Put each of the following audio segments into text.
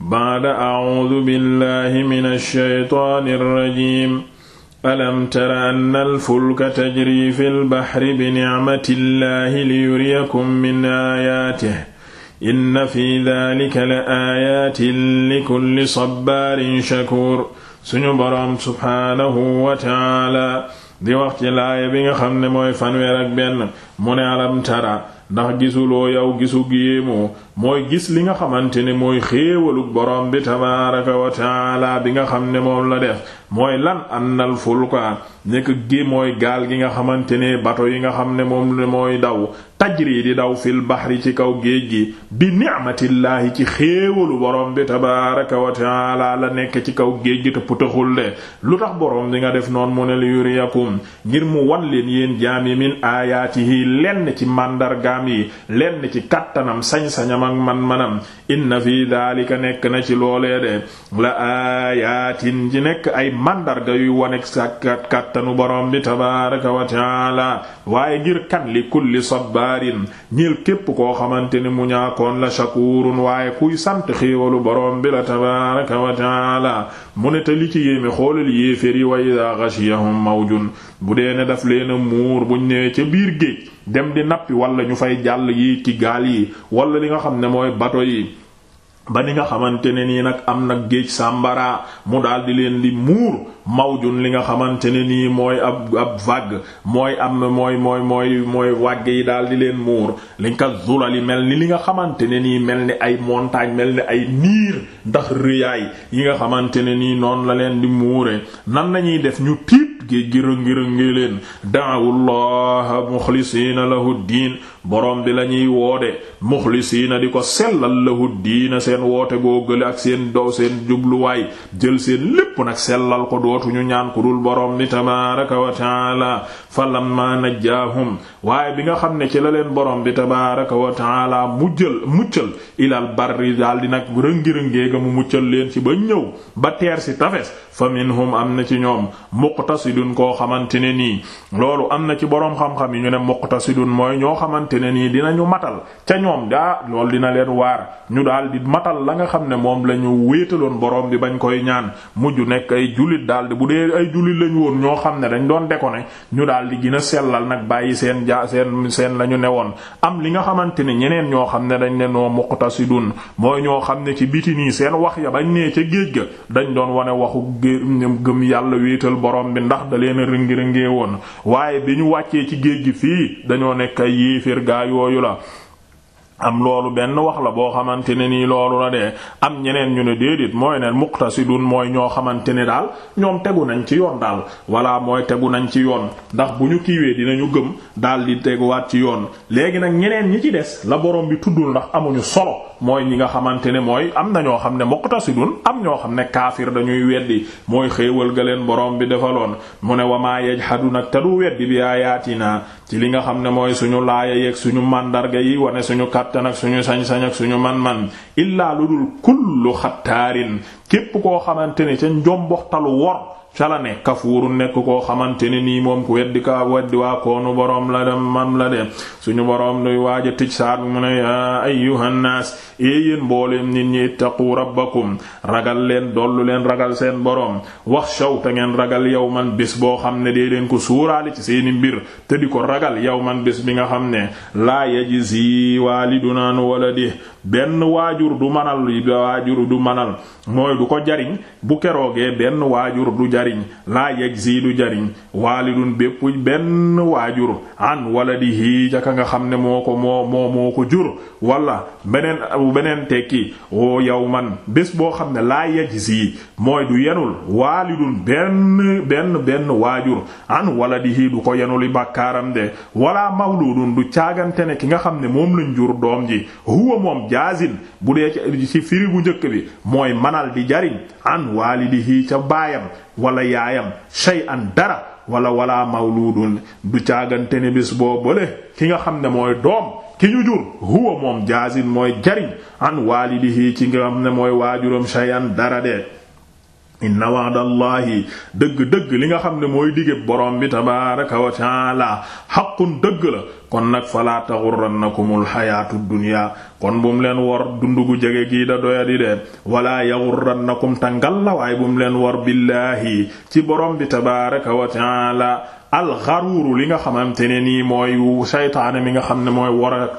baada acuudu billahi min alsheytaan alrajim alam tara anna alfulka tajri fi lbaxri binicmati illahi liyuriyakum min aayaatih inna fi dalika la aayaatin likulli sabbaarin shakuur suñu boroom subhaanahu wa tacaala di wax ci laaya bi nga xam ne mooy fanweer ak benn mu ne alam tara ndax gisuloo yow gisu géemu mooy gis li nga xamante ne mooy xéewalug borom bi tabaaraka wa taala bi nga xam ne moom la def mooy lan annal fulka nekk gi mooy gaal gi nga xamante ne bato yi nga xam ne moom ne mooy daw tajri di daw fil bahri ci kaw géej gi bi ni'matillaahi ci xéewalu borom bi tabaaraka wa taala la nekk ci kaw géej gi te putaxul de lu tax borom bi nga def noon mu ne li yuriyakum ngir mu wan leen yéen jaami min aayaatihi lenn ci màndarga jaam yi lenn ci kattanam sañ saña man man-manam inna fi daalika nekk na ci loolee de la aayaatin ci nekk ay mandarga yuy wanekk sa kattanu borom bi tabaaraka wa taala waaye ngir kan li kulli sabbaarin ñil képp koo xamante ni mu ñaakoon la shakuurun waaye kuy sant xéewalu borom bi la tabaaraka wa taala mu ne te li ci yéeme xoolal yéefér yi wa idaa ghashiyahum mawjun bu dee ne daf leen muur buñ nee ca biir géej dem di nappi wala ñu fay jàll yi ci gaal yi wala li nga xam ne mooy bato yi ba ni nga xamante ne nii nag am na géej sàmbara mu daal di leen di muur mawjun li nga xamante ne nii mooy ab ab vague mooy am mooy mooy mooy mooy wàgg yi daal di leen muur liñ ka zulali mel ni li nga xamante ne nii mel ni ay montagne mel ni ay niir ndax rëyaay yi nga xamante ne nii noonu la leen di muure nan lañuy def ñu tiit géej gi rëngi-rëngi leen da'awullaha muxlisiina lahu diin borom bi la ñuy woode na di ko sellal lahu diina seen woote goo gële ak seen dow seen jubluwaay jël seen lépp nag sellal ko dootuñu ñaan ku dul borom bi tabaaraka wa taala falamma najjaahum waaye bi nga xam ne ci la leen borom bi tabaaraka wa taala mujjal muccal ilal barri daal di nag rëngi-rëngee ga mu muccal leen ci ba ñëw ba teer si tafes fa minhum am na ci ñoom muqtasidun koo xamante ne nii loolu am na ci boroom xam-xam yi ñu ne muqtasidun mooy xamante ne nii dinañu matal ca ñoom daa loolu dina leen waar ñu daal di matal la nga xam ne moom la ñu wéetaloon boroom bi bañ koy ñaan mujj nekk ay jullit daal di bu dee ay jullit lañ woon ñoo xam ne dañ doon déconné ñu daal di gën a sellal nag bàyyi seen ja seen seen la ñu newoon am li nga xamante ne ñeneen ñoo xam ne dañ ne noo muqtasidun mooy ñoo xam ne ci biti nii seen wax ya bañ nee ca géej ga dañ doon wane waxu gëm yàlla wéetal borom bi ndax da leen a rëngi woon gaa yooyu la am loolu benn wax la boo xamante ne nii loolu la de am ñeneen ñu ne déedéet mooy ne muqtasidun mooy ñoo xamante ne daal ñoom tegu nañ ci yoon daal walla mooy tegu nañ ci yoon ndax bu ñu kiiwee ñu gëm daal di teguwaat ci yoon léegi nag ñeneen ñi ci des la borom bi tuddul ndax amuñu solo mooy ñi nga xamante ne mooy am na ñoo xam ne si muqtasidun am ñoo xam ne kaafir dañuy weddi mooy xéewal ga leen borom bi defaloon mu ne wamaa yajhadu nag te du weddi bi aayaatinaa ci li nga xam ne mooy suñu laaya yeeg suñu mandarga yi kattan ak suñu sañ-sañ ak suñu man-man illaa lu dul kullu xattaarin képp koo xamante ne ca njomboxtalu wor ca la ne kafuuru nekk koo xamante ne nii moom ku weddi ka weddi waa koonu boroom la dem mam la dem suñu boroom nuy waaj a tij saar mu ne yaa ayyuhan naas yéen mbooleem nit ñi ittaqu rabbakum ragal leen dollu leen ragal seen boroom wax sow te ngeen ragal yow man bés boo xam ne dee leen ko suuraale ci seeni mbir te di ko ragal yow man bés bi nga xam ne laa yajzi waalidun an waladihi benn waajur du manal waajur du manal mooy mooy du ko jariñ bu keroogee benn waajur du jariñ laa sii du jariñ waalidun bépp benn waajur an waladihi ca ka nga xam ne moo ko moo moo moo ko jur wala beneen beneen tekki oo yow man bés boo xam ne laa yegsi mooy du yenul waalidun benn benn benn waajur an waladihi ko yenuli bàkkaaram de wala mawludun du caagante ne ki nga xam ne moom lañ jur doom ji huwa moom jaazin bu dee ci firi bu bi mooy manal di di jariñ an waalidihi ca baayam wala yaayam shay'an dara wala wala mawludun du càggante ne bés boo bële ki nga xam ne mooy doom ki ñu jur huwa moom jaasin mooy jariñ an waalidihi ci nga xam ne mooy waajuram shay'an dara de inna wa'dallahi dëgg-dëgg li nga xam ne mooy dige borom bi tabaaraka wa ta'ala haqqun dëgg la kon nag fala taghurrannakumul hayatud dunya kon bu mu leen wor dund gu jege gii da doyadi de wala yaghurrannakum tangal la waaye bu mu leen wor billaahi ci borom bi tabaaraka wa taala alxaruuru li nga xamante ne nii mooy saytaane mi nga xam ne mooy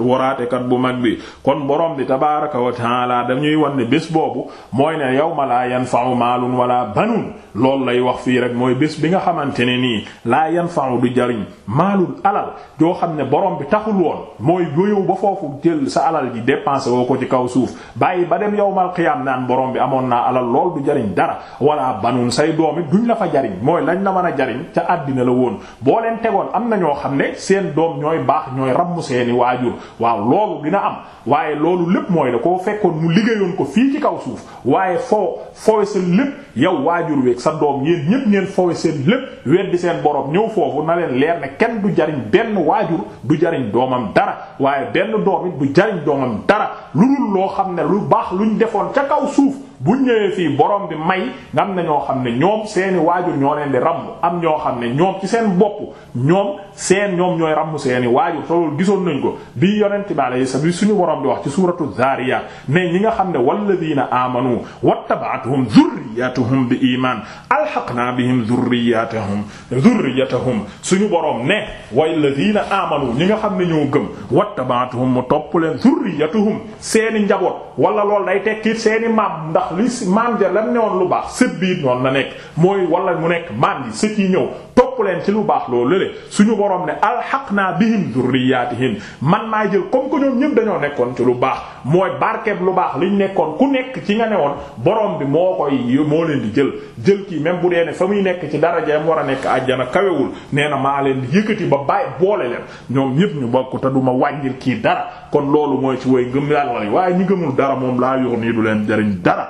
wara kat bu mag bi kon borom bi tabaaraka wa taala dañuy wan ne bés boobu mooy ne yawma laa yanfa'u maalun wala banun loolu lay wax fii rek mooy bés bi nga xamante ne nii laa yanfa'u du jariñ maalun alal joo xam ne borom bi taxul woon mooy yoyow ba foofu jël sa alal dépensé woo ko ci kaw suuf bàyyi ba dem yowmal qiyaam naan borom bi amoon naa alal lool du jariñ dara wala banun say doom it ñu la fa jariñ mooy lañ la mën a jariñ ca àddina la woon boo leen tegoon am na ñoo xam ne seen doom ñooy baax ñooy ramm seeni waajur waaw loolu dina am waaye loolu lépp mooy la ko fekkoon mu liggéeyoon ko fii ci kaw suuf waaye foo fooy sa lépp yow waajur weeg sa doom yéen ñépp ngeen fooy seen lépp weddi seen borom ñëw foofu na leer ne kenn du jariñ benn waajur du jariñ doomam dara waaye benn doom it du jariñ doomam dara lu dul loo xam ne lu baax luñ defoon ca kaw suuf buñ ñëwee fii boroom bi may nga am na ñoo xam ne ñoom seeni waajur ñoo leen di rammu am ñoo xam ne ñoom ci seen bopp ñoom seen ñoom ñooy rammu seeni waajur te loolu gisoon nañ ko bi yonent bi alayhi sa bi suñu borom di wax ci suuratu zaariya ne ñi nga xam ne walladina amanu wattaba'athum dhurriyyatuhum bi iman alhaqna bihim dhurriyyatahum dhurriyyatahum suñu borom ne walladina amanu ñi nga xam ne ñoo gëm wattaba'athum mu topp leen dhurriyyatuhum seeni njaboot wala lool day tekki seeni maam ndax ndax li si lan ja lam lu baax sët bi it la na nekk mooy wala mu nekk maan ji sët yi ñëw topp leen ci lu baax loolu lé suñu borom ne alhaqna bihim dhurriyyatihim man maa jël comme que ñoom ñëpp dañoo nekkoon ci lu baax mooy barkeeb lu baax liñ nekkoon ku nekk ci nga newoon borom bi moo koy moo leen di jël jël kii même bu dee ne fa muy nekk ci daraja am war a nekk àjjana kawewul nee na maa leen di yëkkati ba bàyyi boole leen ñoom ñëpp ñu bokk te du ma wàññil kii dara kon loolu mooy ci way ngëm yàlla wala waaye ñi gëmul dara moom laa yor nii leen jariñ dara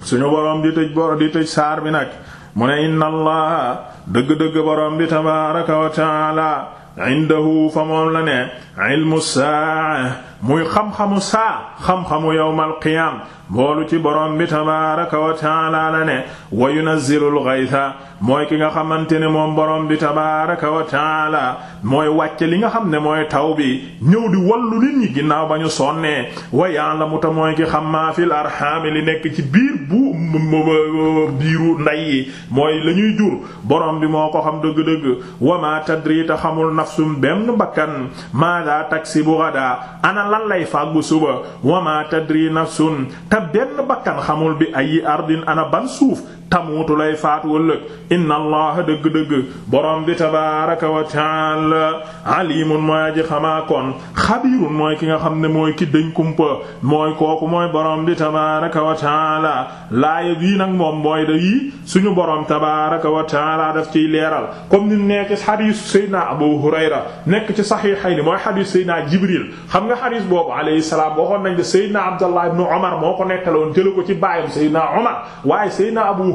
suñu borom di tëj bor bi nag mu ne inna allaha dëgg-dëgg borom bi tabaaraka wa taala indahu fa moom la ne ilmu saa muy xam-xamu saa xam-xamu yawmal qiyaam loolu ci borom bi tabaaraka wa taala la ne wa yunazzilul ghaytha mooy ki nga xamante ne moom borom bi tabaaraka wa taala mooy wàcce li nga xam ne mooy taw bi ñëw di wallu nit ñi ginnaaw ba ñu sonnee wa ya'lamu ta mooy ki xam maa fil arhaam li nekk ci biir bu biiru nday yi mooy la ñuy jur borom bi moo ko xam dëgg-dëgg wa ma tadri xamul nafsum benn bakkan ma da taksibu ghadan naan lan lay fàggu suba wa ma tadri nafsun te benn bakkan xamul bi ay ardin ana ban suuf tamuutu lay faatu wëllëg inna allaha dëgg-dëgg borom bi tabaraka wa taala alimun mooy aji xamaa kon xabirun mooy ki nga xam ne mooy ki dëñ kumpa mooy kooku mooy borom bi tabaraka wa taala laaya bii nag moom mooy da yii suñu borom tabaraka wa taala daf ciy leeral comme ni nekk ci xadiisu Seydina Abu Hurayra nekk ci saxiixayni mooy xadiisu Seydina Jibril xam nga xadiis boobu alayhi salaam waxoon nañ de Seydina Abdallah Umar moo ko nekkaloon jël ci baayam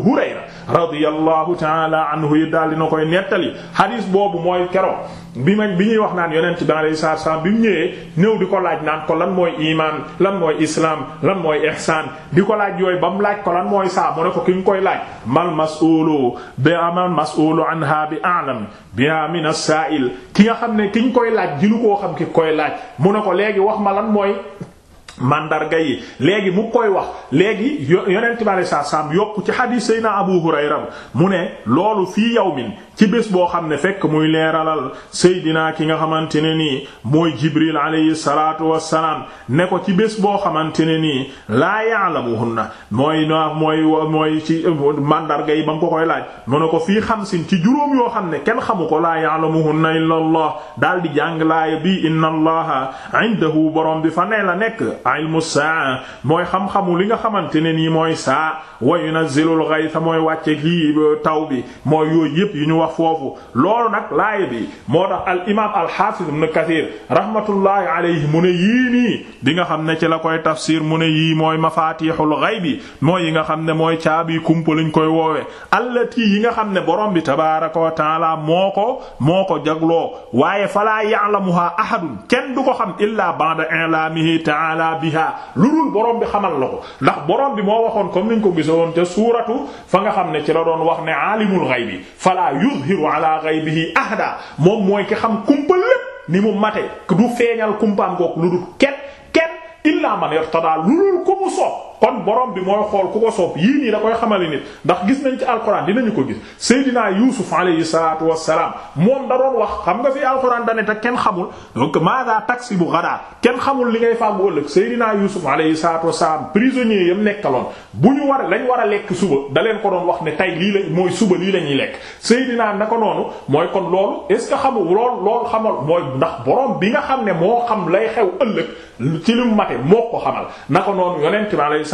Hurayra radiyallahu ta'ala anhu yi daal dina koy nettali hadis boobu mooy kero bi ma bi ñuy wax naan yonent bi alayhi salaatu salaam bi mu ñëwee ñëw di ko laaj naan ko lan mooy iman lan mooy islam lan mooy ihsan di ko laaj yooyu ba mu laaj ko lan mooy saa mu ko ki nga koy laaj ma mas'ulu bi amal mas'ulu anha bi a'lam biha min as-sa'il ki nga xam ne ki koy laaj dinu koo xam ki koy laaj mu ne ko léegi wax ma lan mooy mandarga yi léegi mu koy wax léegi yonent bi alei satu salaam yokk ci xadiis sayna Abu Hurayra mu ne loolu fii yawmin ci bés boo xam ne fekk muy leeralal seydinaa ki nga xamante ne nii mooy Jibril alayhi salaatu wassalaam ne ko ci bés boo xamante ne nii laa ya'lamuhunna mooy na mooy mooy ci mandarga yi ba mu ko koy laaj mu ne ko fii xamsin ci juróom yoo xam ne kenn xamu ko laa na illa Allah daal di jàng laaya bi inna Allaha indahu borom bi fa ne la nekk huwa ilmu saa mooy xam-xamu li nga xamante ne nii mooy saa wa yunazzilul ghaytha mooy wàcce lii taw bi mooy yooyu yëpp yu ñu wax foofu loolu nag laay bi moo tax al imaam al hafiz ibn kathir rahmatullahi alayhi mu ne yii nii di nga xam ne ci la koy tafsir mu ne yii mooy mafatihul ghaybi mooy yi nga xam ne mooy caabi kumpa lañ koy woowe allati yi nga xam ne borom bi tabaaraka wa taala moo ko moo ko jagloo waaye falaa ya'lamuha ahadun kenn du ko xam illa ba'da i'lamihi ta'ala illaa biha lu dul borom bi xamal la ko ndax boroom bi moo waxoon comme niñ ko gisoon ca suuratu fa nga xam ne ci la doon wax ne aalimul ghaybi falaa yuzhiru ala ghaybihi ahda moom mooy ki xam kumpa lépp ni mu mate du feeñal kumpaam goog lu dul ket ket illaa man irtada lu dul ko mu kon borom bi mooy xool ku ko soob yii nii da koy xamali nit ndax gis nañ ci alxuraan dinañu ko gis Seydina Yuusuf alayhi salaatu wassalaam moom da doon wax xam nga fi alxuraan da ne te kenn xamul donc maaga taxi bu gadaa kenn xamul li ngay fàggu ëllëg Seydina Yuusuf alayhi salaatu wassalaam prisonnier yam nekkaloon bu ñu war lañ war a lekk suba da leen ko doon wax ne tey lii lañ mooy suba lii la ñuy lekk Seydina naka noonu mooy kon loolu est-ce que xamul lool lool xamal mooy ndax borom bi nga xam ne moo xam lay xew ëllëg ci lu mate moo ko xamal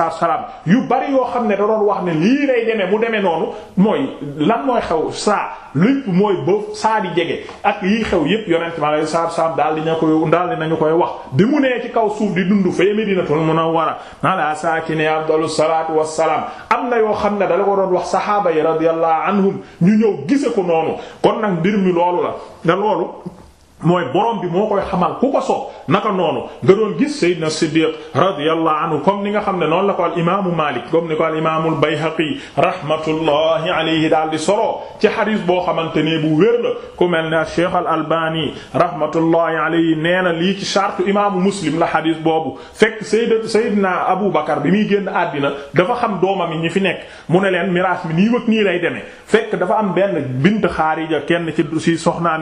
salaam yu bari yoo xam ne da doon wax ne lii lay demee mu demee noonu mooy lan mooy xew saa lépp mooy ba saa di jege ak yii xew yépp yonent mi alayhi salaatu salaam daal di ñu koy daal di nañu koy wax bi mu nee ci kaw suuf di dund fee Madinatul Munawwara ala saakini afdalu salaatu salaam am na yoo xam ne dala ko doon wax saxaaba yi radiyallahu anhum ñu ñëw gise ko noonu kon nag mbir mi loolu la da loolu mooy borom bi moo koy xamal ku ko soob naka noonu nga doon gis Seydina Siddiq radiyallahu anhu comme ni nga xam ne noonu la ko al imaamu Malik comme ni ko al imaamul Bayhaqi rahmatullahi daal di solo ci xadis boo xamante ne bu wér la ku mel ne Cheikh al Albani rahmatullahi alayhi nee na lii ci charte imaamu Muslim la xadis boobu fekk Seydina Seydina Abu Bakar bi muy génn àddina dafa xam doomam yi ñi fi nekk mu ne leen miraas mi nii wëkk nii lay demee fekk dafa am benn bint Xaarija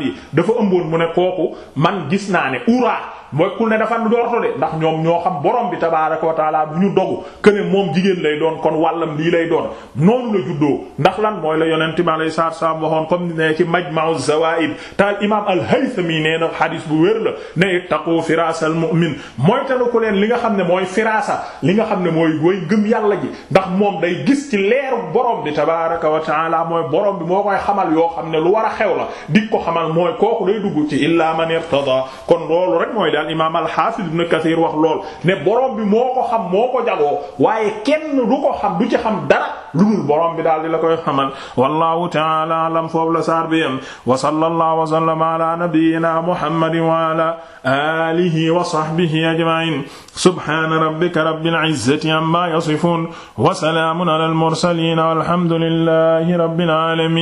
yi dafa ëmboon mu ne kooku man gis naa ne uraa bokkul ne dafa njorto de ndax ñoom ñoo xam borom bi tabaaraka wa taala bu ñu moom jigéen lay doon kon wàllam lii lay doon noonu la juddoo ndax lan mooy la yonent mi alayhi salaatu salaam waxoon comme ne ci majma'u zawaid taal imaam al-Haythami nee na xadis bu wér la ne taqu firasal mu'min mooy tanu ko leen li nga xam ne mooy firasa li nga xam ne mooy way gëm yàlla ji ndax moom day gis ci leeru borom bi tabaaraka wa taala mooy borom bi moo koy xamal yoo xam ne lu war a xew la di ko xamal mooy kooku day dugg ci illa man irtada kon loolu rek mooy li al imaam alxaafis ibn Kasiir wax lool ne borom bi moo ko xam moo ko jagoo waaye kenn du ko xam du ci xam dara lu dul borom bi daal di la koy xamal wallahu ta'ala alam foofu la saar bi yam wa sallallahu wa sallama ala nabiyyina muhammadin wa ala alihi wa sahbihi ajma'in subhana rabbika rabbil izzati amma yasifun wa salamun ala al mursalin walhamdulillahi rabbil alamin